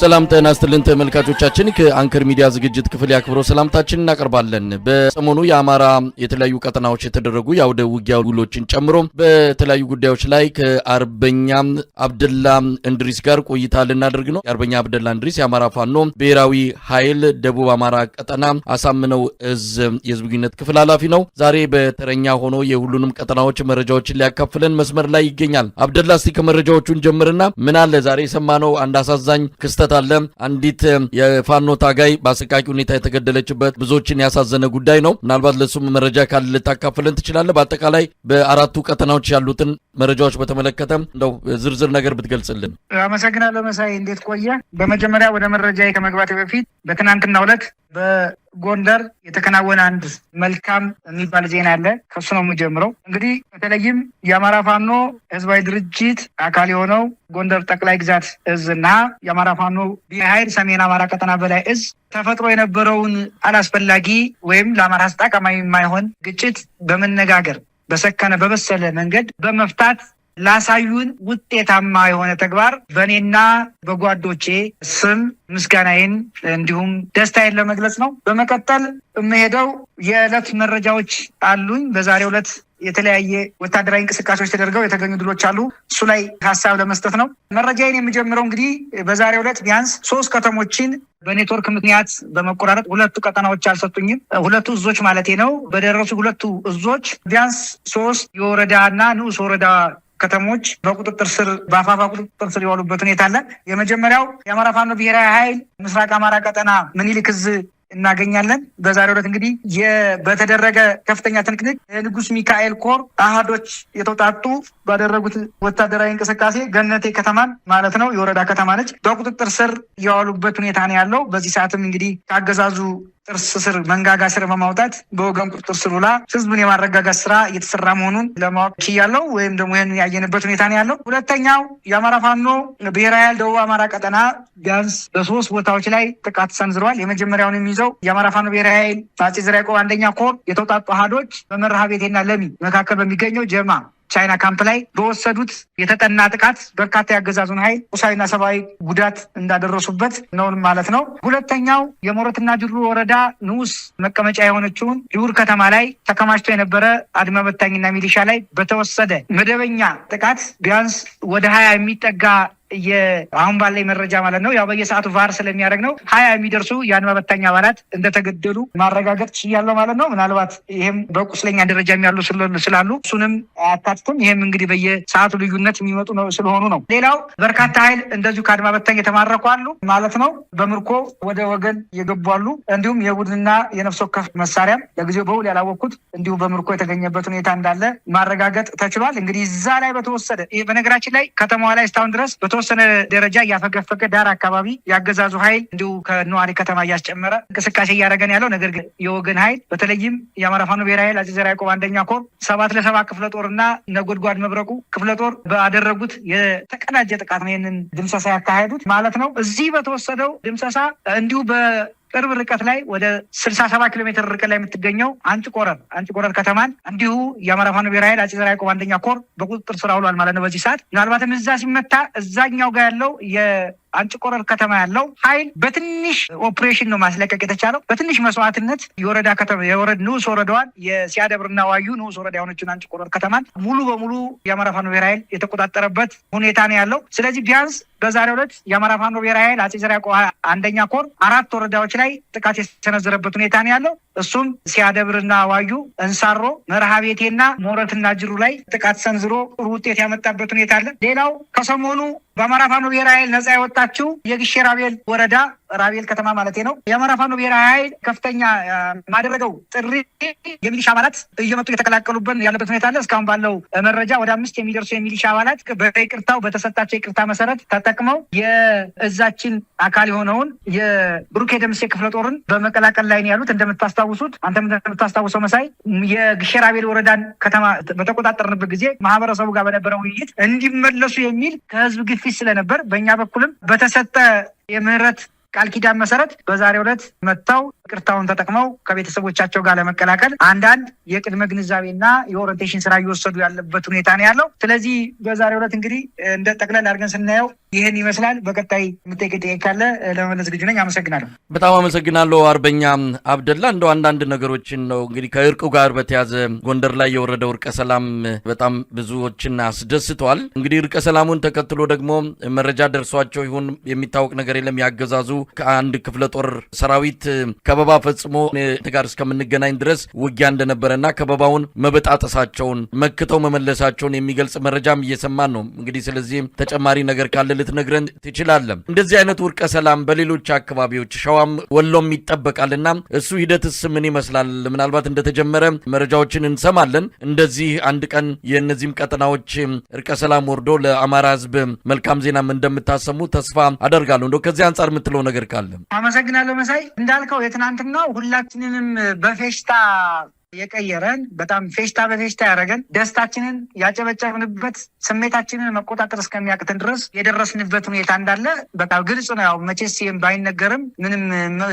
ሰላም ጤና ይስጥልን ተመልካቾቻችን፣ ከአንከር ሚዲያ ዝግጅት ክፍል ያክብሮ ሰላምታችን እናቀርባለን። በሰሞኑ የአማራ የተለያዩ ቀጠናዎች የተደረጉ የአውደ ውጊያ ውሎችን ጨምሮ በተለያዩ ጉዳዮች ላይ ከአርበኛ አብደላ እንድሪስ ጋር ቆይታ ልናደርግ ነው። የአርበኛ አብደላ እንድሪስ የአማራ ፋኖ ብሔራዊ ኃይል ደቡብ አማራ ቀጠና አሳምነው እዝ የህዝብ ግንኙነት ክፍል ኃላፊ ነው። ዛሬ በተረኛ ሆኖ የሁሉንም ቀጠናዎች መረጃዎችን ሊያካፍለን መስመር ላይ ይገኛል። አብደላ እስቲ ከመረጃዎቹን ጀምርና ምን አለ ዛሬ የሰማነው አንድ አሳዛኝ ክስተት ክስተት አለ። አንዲት የፋኖ ታጋይ በአሰቃቂ ሁኔታ የተገደለችበት ብዙዎችን ያሳዘነ ጉዳይ ነው። ምናልባት ለሱም መረጃ ካለ ልታካፍለን ትችላለ። በአጠቃላይ በአራቱ ቀጠናዎች ያሉትን መረጃዎች በተመለከተ እንደው ዝርዝር ነገር ብትገልጽልን። አመሰግናለሁ መሳይ፣ እንዴት ቆየ? በመጀመሪያ ወደ መረጃ ከመግባቴ በፊት በትናንትናው ዕለት በጎንደር የተከናወነ አንድ መልካም የሚባል ዜና አለ። ከሱ ነው የምጀምረው። እንግዲህ በተለይም የአማራ ፋኖ ህዝባዊ ድርጅት አካል የሆነው ጎንደር ጠቅላይ ግዛት እዝ እና የአማራ ፋኖ ብሔራዊ ኃይል ሰሜን አማራ ቀጠና በላይ እዝ ተፈጥሮ የነበረውን አላስፈላጊ ወይም ለአማራ ስጥ የማይሆን ግጭት በመነጋገር በሰከነ በበሰለ መንገድ በመፍታት ላሳዩን ውጤታማ የሆነ ተግባር በእኔና በጓዶቼ ስም ምስጋናዬን እንዲሁም ደስታዬን ለመግለጽ ነው። በመቀጠል የምሄደው የዕለት መረጃዎች አሉኝ። በዛሬው ዕለት የተለያየ ወታደራዊ እንቅስቃሴዎች ተደርገው የተገኙ ድሎች አሉ። እሱ ላይ ሀሳብ ለመስጠት ነው። መረጃዬን የምጀምረው እንግዲህ በዛሬው ዕለት ቢያንስ ሶስት ከተሞችን በኔትወርክ ምክንያት በመቆራረጥ ሁለቱ ቀጠናዎች አልሰጡኝም። ሁለቱ እዞች ማለቴ ነው። በደረሱ ሁለቱ እዞች ቢያንስ ሶስት የወረዳና ንዑስ ወረዳ ከተሞች በቁጥጥር ስር በአፋፋ ቁጥጥር ስር የዋሉበት ሁኔታ አለ። የመጀመሪያው የአማራ ፋኖ ብሔራዊ ኃይል ምስራቅ አማራ ቀጠና ምኒልክ ዕዝ እናገኛለን። በዛሬው ዕለት እንግዲህ በተደረገ ከፍተኛ ትንቅንቅ የንጉስ ሚካኤል ኮር አህዶች የተውጣጡ ባደረጉት ወታደራዊ እንቅስቃሴ ገነቴ ከተማን ማለት ነው የወረዳ ከተማ ነች በቁጥጥር ስር የዋሉበት ሁኔታ ነው ያለው። በዚህ ሰዓትም እንግዲህ ከአገዛዙ ጥርስ ስር መንጋጋ ስር በማውጣት በወገን ቁጥጥር ስር ውላ ህዝብን የማረጋጋት ስራ እየተሰራ መሆኑን ለማወቅ ችያለው፣ ወይም ደግሞ ይህን ያየንበት ሁኔታ ነው ያለው። ሁለተኛው የአማራ ፋኖ ብሔራዊ ኃይል ደቡብ አማራ ቀጠና ቢያንስ በሶስት ቦታዎች ላይ ጥቃት ሰንዝረዋል። የመጀመሪያውን የሚይዘው የአማራ ፋኖ ብሔራዊ ኃይል አፄ ዘርዓ ያዕቆብ አንደኛ ኮር የተውጣጡ አሃዶች በመርሃ ቤቴና ለሚ መካከል በሚገኘው ጀማ ቻይና ካምፕ ላይ በወሰዱት የተጠና ጥቃት በርካታ ያገዛዙን ኃይል ቁሳዊና ሰብአዊ ጉዳት እንዳደረሱበት ነውን ማለት ነው። ሁለተኛው የሞረትና ድሩ ወረዳ ንዑስ መቀመጫ የሆነችውን ጅቡር ከተማ ላይ ተከማችቶ የነበረ አድማ በታኝና ሚሊሻ ላይ በተወሰደ መደበኛ ጥቃት ቢያንስ ወደ ሀያ የሚጠጋ አሁን ባለኝ መረጃ ማለት ነው ያው በየሰዓቱ ቫር ስለሚያደርግ ነው ሀያ የሚደርሱ የአድማ በታኝ አባላት እንደተገደሉ ማረጋገጥ ችያለው ማለት ነው። ምናልባት ይህም በቁስለኛ ደረጃ ያሉ ስላሉ እሱንም አያካትትም። ይህም እንግዲህ በየሰዓቱ ልዩነት የሚመጡ ስለሆኑ ነው። ሌላው በርካታ ኃይል እንደዚሁ ከአድማ በታኝ የተማረኩ አሉ ማለት ነው። በምርኮ ወደ ወገን የገቡ አሉ። እንዲሁም የቡድንና የነፍሶ ከፍ መሳሪያም ለጊዜው በውል ያላወቅኩት እንዲሁም በምርኮ የተገኘበት ሁኔታ እንዳለ ማረጋገጥ ተችሏል። እንግዲህ እዛ ላይ በተወሰደ በነገራችን ላይ ከተማዋ ላይ እስካሁን ድረስ በተወሰነ ደረጃ እያፈገፈገ ዳር አካባቢ የአገዛዙ ኃይል እንዲሁ ከነዋሪ ከተማ እያስጨመረ እንቅስቃሴ እያደረገን ያለው ነገር ግን የወገን ኃይል በተለይም የአማራ ፋኖ ብሔራዊ ኃይል አጼ ዘርዓ ያዕቆብ አንደኛ ኮር ሰባት ለሰባ ክፍለ ጦር እና ነጎድጓድ መብረቁ ክፍለ ጦር ባደረጉት የተቀናጀ ጥቃት ነው ይህንን ድምሰሳ ያካሄዱት ማለት ነው። እዚህ በተወሰደው ድምሰሳ እንዲሁ በ ቅርብ ርቀት ላይ ወደ ስልሳ ሰባ ኪሎ ሜትር ርቀት ላይ የምትገኘው አንጭ ቆረር አንጭ ቆረር ከተማን እንዲሁ የአማራ ፋኖ ብሔራዊ ኃይል አጼ ዘርዓ ያዕቆብ አንደኛ ኮር በቁጥጥር ስር አውሏል ማለት ነው። በዚህ ሰዓት ምናልባትም እዛ ሲመታ እዛኛው ጋር ያለው አንጭ ቆረር ከተማ ያለው ኃይል በትንሽ ኦፕሬሽን ነው ማስለቀቅ የተቻለው። በትንሽ መስዋዕትነት የወረዳ ከተማ የወረድ ንዑስ ወረዳዋን የሲያደብርና ዋዩ ንዑስ ወረዳ የሆነችን አንጭ ቆረር ከተማን ሙሉ በሙሉ የአማራ ፋኖ ብሔራዊ ኃይል የተቆጣጠረበት ሁኔታ ነው ያለው። ስለዚህ ቢያንስ በዛሬው ዕለት የአማራ ፋኖ ብሔራዊ ኃይል አጼ ዘርዓ ያዕቆብ አንደኛ ኮር አራት ወረዳዎች ላይ ላይ ጥቃት የሰነዘረበት ሁኔታ ነው ያለው። እሱም ሲያደብርና ዋዩ፣ እንሳሮ፣ መርሃ ቤቴና ሞረትና ጅሩ ላይ ጥቃት ሰንዝሮ ጥሩ ውጤት ያመጣበት ሁኔታ አለ። ሌላው ከሰሞኑ በአማራ ፋኖ ብሔራዊ ኃይል ነጻ የወጣችው የግሼ ራቤል ወረዳ ራቤል ከተማ ማለት ነው። የአማራ ፋኖ ብሔራዊ ኃይል ከፍተኛ ማደረገው ጥሪ የሚሊሻ አባላት እየመጡ እየተቀላቀሉብን ያለበት ሁኔታ አለ። እስካሁን ባለው መረጃ ወደ አምስት የሚደርሱ የሚሊሻ አባላት በይቅርታው በተሰጣቸው ይቅርታ መሰረት ተጠቅመው የእዛችን አካል የሆነውን የብሩኬ ደምሴ ክፍለ ጦርን በመቀላቀል ላይ ነው ያሉት። እንደምታስታውሱት አንተም እንደምታስታውሰው መሳይ የግሼ ራቤል ወረዳን ከተማ በተቆጣጠርንበት ጊዜ ማህበረሰቡ ጋር በነበረ ውይይት እንዲመለሱ የሚል ከህዝብ ግፍ ግፊት ስለነበር በእኛ በኩልም በተሰጠ የምህረት ቃል ኪዳን መሰረት በዛሬ ዕለት መጥተው ቅርታውን ተጠቅመው ከቤተሰቦቻቸው ጋር ለመቀላቀል አንዳንድ የቅድመ ግንዛቤና የኦሪንቴሽን ስራ እየወሰዱ ያለበት ሁኔታ ነው ያለው። ስለዚህ በዛሬው ዕለት እንግዲህ እንደ ጠቅለል አድርገን ስናየው ይህን ይመስላል። በቀጣይ የምጠይቅ ጥያቄ ካለ ለመመለስ ዝግጁ ነኝ። አመሰግናለሁ። በጣም አመሰግናለሁ አርበኛ አብደላ። እንደው አንዳንድ ነገሮችን ነው እንግዲህ ከእርቁ ጋር በተያዘ ጎንደር ላይ የወረደው እርቀ ሰላም በጣም ብዙዎችን አስደስቷል። እንግዲህ እርቀ ሰላሙን ተከትሎ ደግሞ መረጃ ደርሷቸው ይሁን የሚታወቅ ነገር የለም ያገዛዙ ከአንድ ክፍለ ጦር ሰራዊት ከበባ ፈጽሞ ጋር እስከምንገናኝ ድረስ ውጊያ እንደነበረና ከበባውን መበጣጠሳቸውን መክተው መመለሳቸውን የሚገልጽ መረጃም እየሰማን ነው። እንግዲህ ስለዚህም ተጨማሪ ነገር ካለ ልትነግረን ትችላለም። እንደዚህ አይነት ውርቀ ሰላም በሌሎች አካባቢዎች ሸዋም ወሎም ይጠበቃልና እሱ ሂደትስ ምን ይመስላል? ምናልባት እንደተጀመረ መረጃዎችን እንሰማለን። እንደዚህ አንድ ቀን የእነዚህም ቀጠናዎች እርቀ ሰላም ወርዶ ለአማራ ህዝብ መልካም ዜናም እንደምታሰሙ ተስፋ አደርጋለሁ። እንደው ከዚህ አንጻር የምትለው ነገር ካለ አመሰግናለሁ። መሳይ እንዳልከው የትና ትናንትናው ሁላችንንም በፌሽታ የቀየረን በጣም ፌሽታ በፌሽታ ያደረገን ደስታችንን ያጨበጨብንበት ስሜታችንን መቆጣጠር እስከሚያቅትን ድረስ የደረስንበት ሁኔታ እንዳለ በቃ ግልጽ ነው። ያው መቼስ ባይነገርም ምንም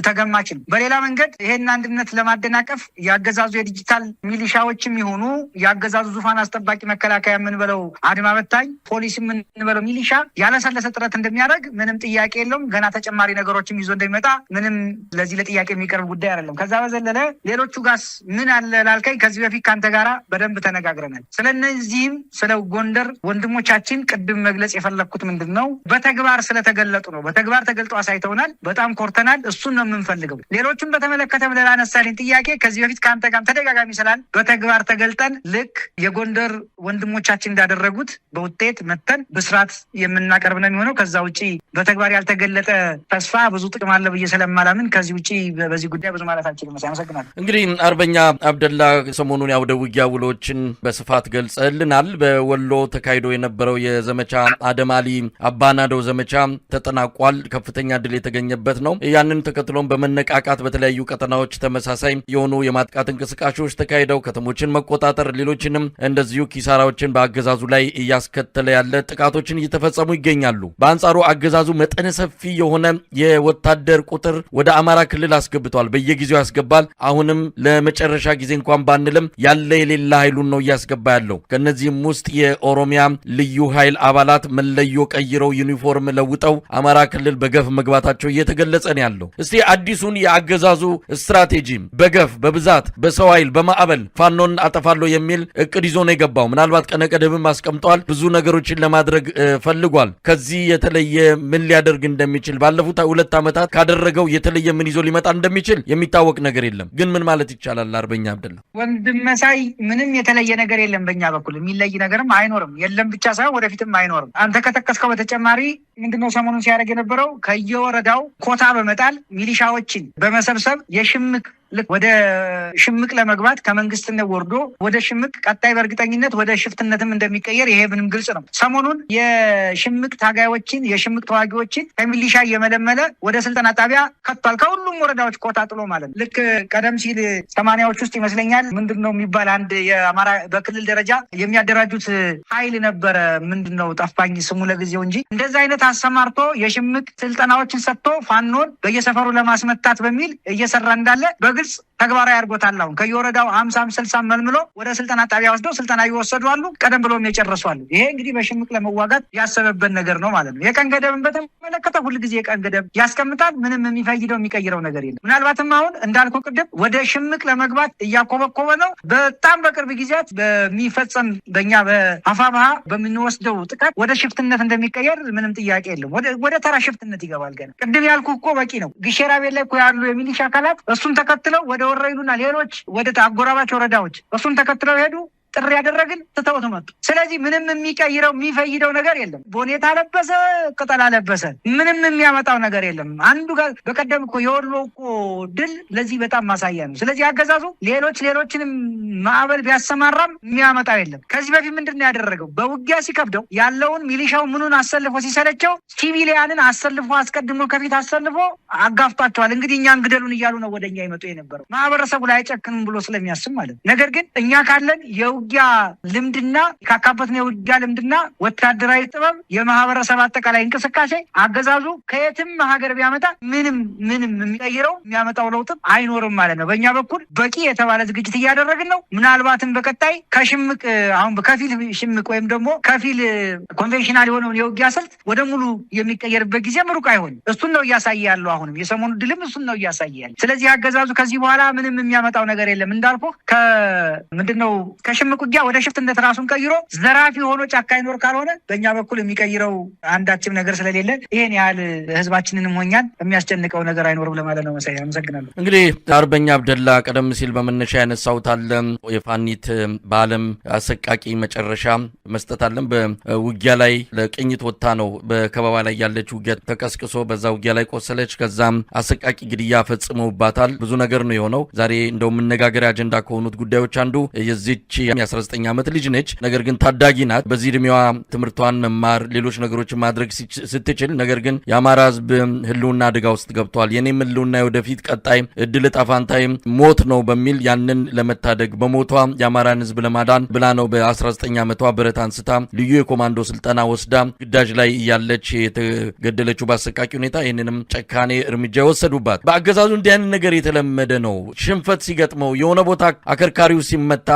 ተገማችን። በሌላ መንገድ ይሄን አንድነት ለማደናቀፍ ያገዛዙ የዲጂታል ሚሊሻዎችም የሆኑ ያገዛዙ ዙፋን አስጠባቂ መከላከያ የምንበለው አድማ በታኝ ፖሊስ የምንበለው ሚሊሻ ያለሰለሰ ጥረት እንደሚያደርግ ምንም ጥያቄ የለውም። ገና ተጨማሪ ነገሮችም ይዞ እንደሚመጣ ምንም ለዚህ ለጥያቄ የሚቀርብ ጉዳይ አይደለም። ከዛ በዘለለ ሌሎቹ ጋስ ምን አለ ታውቃለህ ላልከኝ ከዚህ በፊት ከአንተ ጋራ በደንብ ተነጋግረናል። ስለነዚህም ስለ ጎንደር ወንድሞቻችን ቅድም መግለጽ የፈለግኩት ምንድን ነው በተግባር ስለተገለጡ ነው። በተግባር ተገልጦ አሳይተውናል። በጣም ኮርተናል። እሱን ነው የምንፈልገው። ሌሎችም በተመለከተ ብለህ ላነሳልኝ ጥያቄ ከዚህ በፊት ከአንተ ጋር ተደጋጋሚ ስላል በተግባር ተገልጠን ልክ የጎንደር ወንድሞቻችን እንዳደረጉት በውጤት መተን ብስራት የምናቀርብ ነው የሚሆነው። ከዛ ውጭ በተግባር ያልተገለጠ ተስፋ ብዙ ጥቅም አለ ብዬ ስለማላምን ከዚህ ውጭ በዚህ ጉዳይ ብዙ ማለት አልችልም። አመሰግናለሁ። እንግዲህ አርበኛ አብደላ ሰሞኑን ያውደ ውጊያ ውሎችን በስፋት ገልጸልናል። በወሎ ተካሂዶ የነበረው የዘመቻ አደማሊ አባናዶ ዘመቻ ተጠናቋል። ከፍተኛ ድል የተገኘበት ነው። ያንን ተከትሎም በመነቃቃት በተለያዩ ቀጠናዎች ተመሳሳይ የሆኑ የማጥቃት እንቅስቃሴዎች ተካሂደው ከተሞችን መቆጣጠር፣ ሌሎችንም እንደዚሁ ኪሳራዎችን በአገዛዙ ላይ እያስከተለ ያለ ጥቃቶችን እየተፈጸሙ ይገኛሉ። በአንጻሩ አገዛዙ መጠነ ሰፊ የሆነ የወታደር ቁጥር ወደ አማራ ክልል አስገብቷል። በየጊዜው ያስገባል። አሁንም ለመጨረሻ ጊዜ ጊዜ እንኳን ባንልም ያለ የሌለ ኃይሉን ነው እያስገባ ያለው። ከእነዚህም ውስጥ የኦሮሚያ ልዩ ኃይል አባላት መለዮ ቀይረው ዩኒፎርም ለውጠው አማራ ክልል በገፍ መግባታቸው እየተገለጸ ነው ያለው። እስቲ አዲሱን የአገዛዙ ስትራቴጂ በገፍ በብዛት በሰው ኃይል በማዕበል ፋኖን አጠፋለሁ የሚል እቅድ ይዞ ነው የገባው። ምናልባት ቀነቀደብም አስቀምጠዋል። ብዙ ነገሮችን ለማድረግ ፈልጓል። ከዚህ የተለየ ምን ሊያደርግ እንደሚችል ባለፉት ሁለት ዓመታት ካደረገው የተለየ ምን ይዞ ሊመጣ እንደሚችል የሚታወቅ ነገር የለም። ግን ምን ማለት ይቻላል አርበኛ አብድል ነው። ወንድም መሳይ ምንም የተለየ ነገር የለም። በእኛ በኩል የሚለይ ነገርም አይኖርም። የለም ብቻ ሳይሆን ወደፊትም አይኖርም። አንተ ከጠቀስከው በተጨማሪ ምንድነው ሰሞኑን ሲያደርግ የነበረው ከየወረዳው ኮታ በመጣል ሚሊሻዎችን በመሰብሰብ የሽምቅ ወደ ሽምቅ ለመግባት ከመንግስትነት ወርዶ ወደ ሽምቅ ቀጣይ በእርግጠኝነት ወደ ሽፍትነትም እንደሚቀየር ይሄ ምንም ግልጽ ነው። ሰሞኑን የሽምቅ ታጋዮችን የሽምቅ ተዋጊዎችን ከሚሊሻ እየመለመለ ወደ ስልጠና ጣቢያ ከቷል። ከሁሉም ወረዳዎች ኮታ ጥሎ ማለት ልክ ቀደም ሲል ሰማንያዎች ውስጥ ይመስለኛል ምንድን ነው የሚባል አንድ የአማራ በክልል ደረጃ የሚያደራጁት ኃይል ነበረ። ምንድን ነው ጠፋኝ ስሙ ለጊዜው እንጂ እንደዚ አይነት አሰማርቶ የሽምቅ ስልጠናዎችን ሰጥቶ ፋኖን በየሰፈሩ ለማስመታት በሚል እየሰራ እንዳለ በግ በግልጽ ተግባራዊ አድርጎታል። አሁን ከየወረዳው ሀምሳም ስልሳም መልምሎ ወደ ስልጠና ጣቢያ ወስደው ስልጠና ይወሰዱ አሉ። ቀደም ብሎም የጨረሱ አሉ። ይሄ እንግዲህ በሽምቅ ለመዋጋት ያሰበበት ነገር ነው ማለት ነው። የቀን ገደብን በተመለከተ ሁልጊዜ የቀን ገደብ ያስቀምጣል። ምንም የሚፈይደው የሚቀይረው ነገር የለም። ምናልባትም አሁን እንዳልኩ ቅድም ወደ ሽምቅ ለመግባት እያኮበኮበ ነው። በጣም በቅርብ ጊዜያት በሚፈጸም በእኛ በአፋብሃ በምንወስደው ጥቃት ወደ ሽፍትነት እንደሚቀየር ምንም ጥያቄ የለም። ወደ ተራ ሽፍትነት ይገባል። ገና ቅድም ያልኩ እኮ በቂ ነው። ግሼ ላይ እኮ ያሉ የሚሊሻ አካላት እሱን ተከትሎ ተከትለው ወደ ወረይሉና ሌሎች ወደ አጎራባች ወረዳዎች እሱን ተከትለው ሄዱ። ጥሪ ያደረግን ትተውት መጡ። ስለዚህ ምንም የሚቀይረው የሚፈይደው ነገር የለም። ቦኔታ ለበሰ፣ ቅጠላ ለበሰ፣ ምንም የሚያመጣው ነገር የለም። አንዱ ጋር በቀደም እኮ የወሎ እኮ ድል ለዚህ በጣም ማሳያ ነው። ስለዚህ አገዛዙ ሌሎች ሌሎችንም ማዕበል ቢያሰማራም የሚያመጣው የለም። ከዚህ በፊት ምንድን ነው ያደረገው? በውጊያ ሲከብደው ያለውን ሚሊሻው ምኑን አሰልፎ ሲሰለቸው ሲቪሊያንን አሰልፎ አስቀድሞ ከፊት አሰልፎ አጋፍቷቸዋል። እንግዲህ እኛ እንግደሉን እያሉ ነው ወደ እኛ ይመጡ የነበረው ማህበረሰቡ ላይ አይጨክንም ብሎ ስለሚያስብ ማለት ነገር ግን እኛ ካለን የው የውጊያ ልምድና ካካበትን የውጊያ ልምድና ወታደራዊ ጥበብ፣ የማህበረሰብ አጠቃላይ እንቅስቃሴ አገዛዙ ከየትም ሀገር ቢያመጣ ምንም ምንም የሚቀይረው የሚያመጣው ለውጥም አይኖርም ማለት ነው። በእኛ በኩል በቂ የተባለ ዝግጅት እያደረግን ነው። ምናልባትም በቀጣይ ከሽምቅ አሁን ከፊል ሽምቅ ወይም ደግሞ ከፊል ኮንቬንሽናል የሆነውን የውጊያ ስልት ወደ ሙሉ የሚቀየርበት ጊዜ ሩቅ አይሆንም። እሱን ነው እያሳየ ያለው አሁንም የሰሞኑ ድልም እሱን ነው እያሳየ ያለ። ስለዚህ አገዛዙ ከዚህ በኋላ ምንም የሚያመጣው ነገር የለም እንዳልኩ ከምንድነው ከሽም ከሽምቅ ውጊያ ወደ ሽፍትነት ራሱን ቀይሮ ዘራፊ ሆኖ ጫካ ይኖር ካልሆነ በእኛ በኩል የሚቀይረው አንዳችም ነገር ስለሌለ ይሄን ያህል ህዝባችንንም ሆኛል የሚያስጨንቀው ነገር አይኖርም ለማለት ነው። መሳይ አመሰግናለሁ። እንግዲህ አርበኛ አብደላ ቀደም ሲል በመነሻ ያነሳሁት የፋኒት በአለም አሰቃቂ መጨረሻ መስጠት አለም በውጊያ ላይ ለቅኝት ወጥታ ነው በከበባ ላይ ያለች ውጊያ ተቀስቅሶ በዛ ውጊያ ላይ ቆሰለች። ከዛም አሰቃቂ ግድያ ፈጽመውባታል። ብዙ ነገር ነው የሆነው። ዛሬ እንደው መነጋገሪያ አጀንዳ ከሆኑት ጉዳዮች አንዱ የዚች የ19 ዓመት ልጅ ነች። ነገር ግን ታዳጊ ናት። በዚህ እድሜዋ ትምህርቷን መማር፣ ሌሎች ነገሮችን ማድረግ ስትችል፣ ነገር ግን የአማራ ህዝብ ህልውና አደጋ ውስጥ ገብቷል። የኔም ህልውና የወደፊት ቀጣይ እድል እጣ ሞት ነው በሚል ያንን ለመታደግ በሞቷ የአማራን ህዝብ ለማዳን ብላ ነው በ19 ዓመቷ ብረት አንስታ ልዩ የኮማንዶ ስልጠና ወስዳ ግዳጅ ላይ እያለች የተገደለችው በአሰቃቂ ሁኔታ። ይህንንም ጨካኔ እርምጃ የወሰዱባት በአገዛዙ እንዲህ አይነት ነገር የተለመደ ነው። ሽንፈት ሲገጥመው የሆነ ቦታ አከርካሪው ሲመታ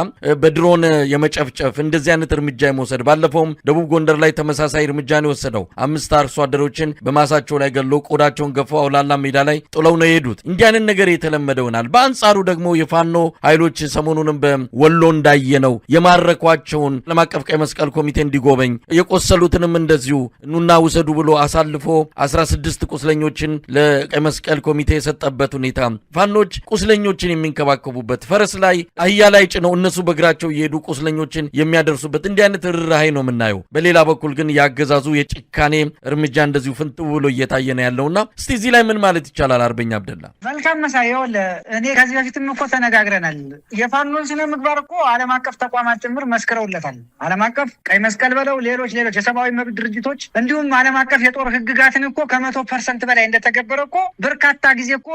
በድሮ ሆነ የመጨፍጨፍ እንደዚህ አይነት እርምጃ የመውሰድ ባለፈውም ደቡብ ጎንደር ላይ ተመሳሳይ እርምጃ ነው የወሰደው። አምስት አርሶ አደሮችን በማሳቸው ላይ ገሎ ቆዳቸውን ገፎ አውላላ ሜዳ ላይ ጥለው ነው የሄዱት። እንዲህ አይነት ነገር የተለመደውናል። በአንጻሩ ደግሞ የፋኖ ኃይሎች ሰሞኑንም በወሎ እንዳየነው የማረኳቸውን ዓለም አቀፍ ቀይ መስቀል ኮሚቴ እንዲጎበኝ የቆሰሉትንም እንደዚሁ ኑና ውሰዱ ብሎ አሳልፎ 16 ቁስለኞችን ለቀይ መስቀል ኮሚቴ የሰጠበት ሁኔታ ፋኖች ቁስለኞችን የሚንከባከቡበት ፈረስ ላይ አህያ ላይ ጭነው እነሱ በእግራቸው እየሄዱ ቁስለኞችን የሚያደርሱበት እንዲህ አይነት ርኅራኄ ነው የምናየው። በሌላ በኩል ግን ያገዛዙ የጭካኔ እርምጃ እንደዚሁ ፍንጥው ብሎ እየታየ ነው ያለውና እስቲ እዚህ ላይ ምን ማለት ይቻላል? አርበኛ አብደላ መልካም መሳየው እኔ ከዚህ በፊትም እኮ ተነጋግረናል። የፋኖን ስነ ምግባር እኮ ዓለም አቀፍ ተቋማት ጭምር መስክረውለታል። ዓለም አቀፍ ቀይ መስቀል በለው ሌሎች ሌሎች የሰብአዊ መብት ድርጅቶች እንዲሁም ዓለም አቀፍ የጦር ህግጋትን እኮ ከመቶ ፐርሰንት በላይ እንደተገበረ እኮ በርካታ ጊዜ እኮ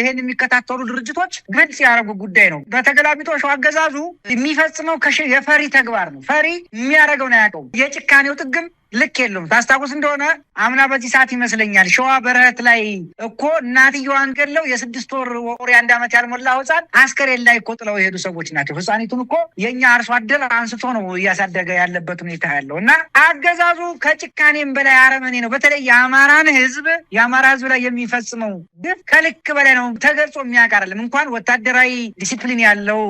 ይሄን የሚከታተሉ ድርጅቶች ግልጽ ያደረጉ ጉዳይ ነው። በተገላቢጦሹ አገዛዙ የሚፈጽም ነው የፈሪ ተግባር ነው። ፈሪ ነው ያውቀው የጭካኔው ጥግም ልክ የለውም። ታስታውስ እንደሆነ አምና በዚህ ሰዓት ይመስለኛል ሸዋ በረት ላይ እኮ እናትየዋን ገለው የስድስት ወር ወር የአንድ ዓመት ያልሞላ ህፃን አስከሬን ላይ እኮ ጥለው የሄዱ ሰዎች ናቸው። ህፃኒቱን እኮ የእኛ አርሶ አደር አንስቶ ነው እያሳደገ ያለበት ሁኔታ ያለው እና አገዛዙ ከጭካኔም በላይ አረመኔ ነው። በተለይ የአማራን ህዝብ የአማራ ህዝብ ላይ የሚፈጽመው ግፍ ከልክ በላይ ነው። ተገልጾ የሚያቀርልም እንኳን ወታደራዊ ዲሲፕሊን ያለው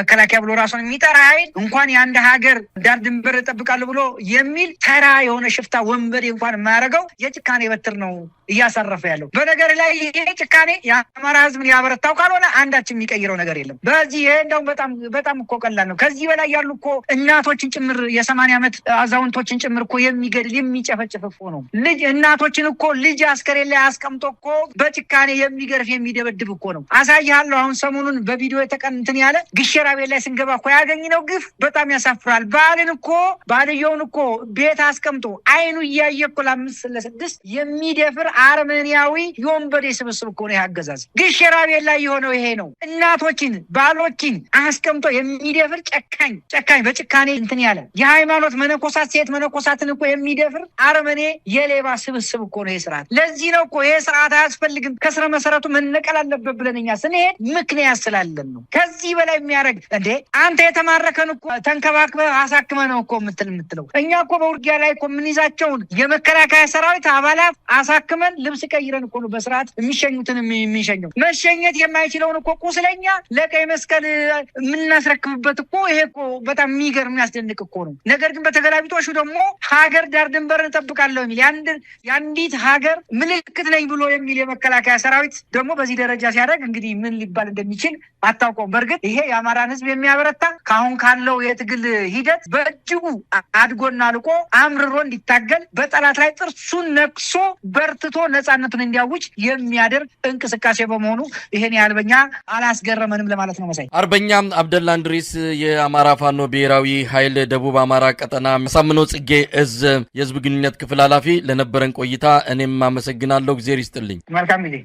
መከላከያ ብሎ ራሱን የሚጠራ ኃይል እንኳን የአንድ ሀገር ዳር ድንበር እጠብቃለሁ ብሎ የሚል ተራ የሆነ ሽፍታ ወንበዴ እንኳን የማያደርገው የጭካኔ በትር ነው እያሳረፈ ያለው በነገር ላይ ይሄ ጭካኔ የአማራ ህዝብን ያበረታው ካልሆነ አንዳችን የሚቀይረው ነገር የለም። በዚህ ይሄ እንደውም በጣም በጣም እኮ ቀላል ነው። ከዚህ በላይ ያሉ እኮ እናቶችን ጭምር የሰማንያ ዓመት አዛውንቶችን ጭምር እኮ የሚገድል የሚጨፈጭፍ እኮ ነው። ልጅ እናቶችን እኮ ልጅ አስከሬን ላይ አስቀምጦ እኮ በጭካኔ የሚገርፍ የሚደበድብ እኮ ነው። አሳይሃለሁ። አሁን ሰሞኑን በቪዲዮ የተቀንትን ያለ ግሸራ ቤት ላይ ስንገባ እኮ ያገኝ ነው ግፍ በጣም ያሳፍራል። ባልን እኮ ባልየውን እኮ ቤት አስቀም ተቀምጦ አይኑ እያየ እኮ ለአምስት ለስድስት የሚደፍር አርመኒያዊ የወንበዴ ስብስብ እኮ ነው ያገዛዝ። ግን ሸራቤል ላይ የሆነው ይሄ ነው። እናቶችን ባሎችን አስቀምጦ የሚደፍር ጨካኝ ጨካኝ በጭካኔ እንትን ያለ የሃይማኖት መነኮሳት ሴት መነኮሳትን እኮ የሚደፍር አርመኔ የሌባ ስብስብ እኮ ነው ይሄ ስርዓት። ለዚህ ነው እኮ ይሄ ስርዓት አያስፈልግም ከስረ መሰረቱ መነቀል አለበት ብለን እኛ ስንሄድ ምክንያት ስላለን ነው። ከዚህ በላይ የሚያደርግ እንዴ አንተ የተማረከን እኮ ተንከባክበ አሳክመ ነው እኮ ምትል የምትለው እኛ እኮ በውርጊያ ላይ እኮ የምንይዛቸውን የመከላከያ ሰራዊት አባላት አሳክመን ልብስ ቀይረን እኮ ነው በስርዓት የሚሸኙትን የምንሸኘው። መሸኘት የማይችለውን እኮ ቁስለኛ ለቀይ መስቀል የምናስረክብበት እኮ ይሄ እኮ በጣም የሚገርም የሚያስደንቅ እኮ ነው። ነገር ግን በተገላቢጦሹ ደግሞ ሀገር ዳር ድንበር እንጠብቃለሁ የሚል የአንዲት ሀገር ምልክት ነኝ ብሎ የሚል የመከላከያ ሰራዊት ደግሞ በዚህ ደረጃ ሲያደርግ እንግዲህ ምን ሊባል እንደሚችል አታውቀውም። በእርግጥ ይሄ የአማራን ህዝብ የሚያበረታ ከአሁን ካለው የትግል ሂደት በእጅጉ አድጎና ልቆ አምርሮ ጠንክሮ እንዲታገል በጠላት ላይ ጥርሱን ነክሶ በርትቶ ነፃነቱን እንዲያውጅ የሚያደርግ እንቅስቃሴ በመሆኑ ይሄን ያህል በኛ አላስገረመንም ለማለት ነው። መሳይ አርበኛ አብደላ እንድሪስ የአማራ ፋኖ ብሔራዊ ኃይል ደቡብ አማራ ቀጠና ሳምኖ ጽጌ እዝ የህዝብ ግንኙነት ክፍል ኃላፊ ለነበረን ቆይታ እኔም አመሰግናለሁ። እግዜር ይስጥልኝ። መልካም ጊዜ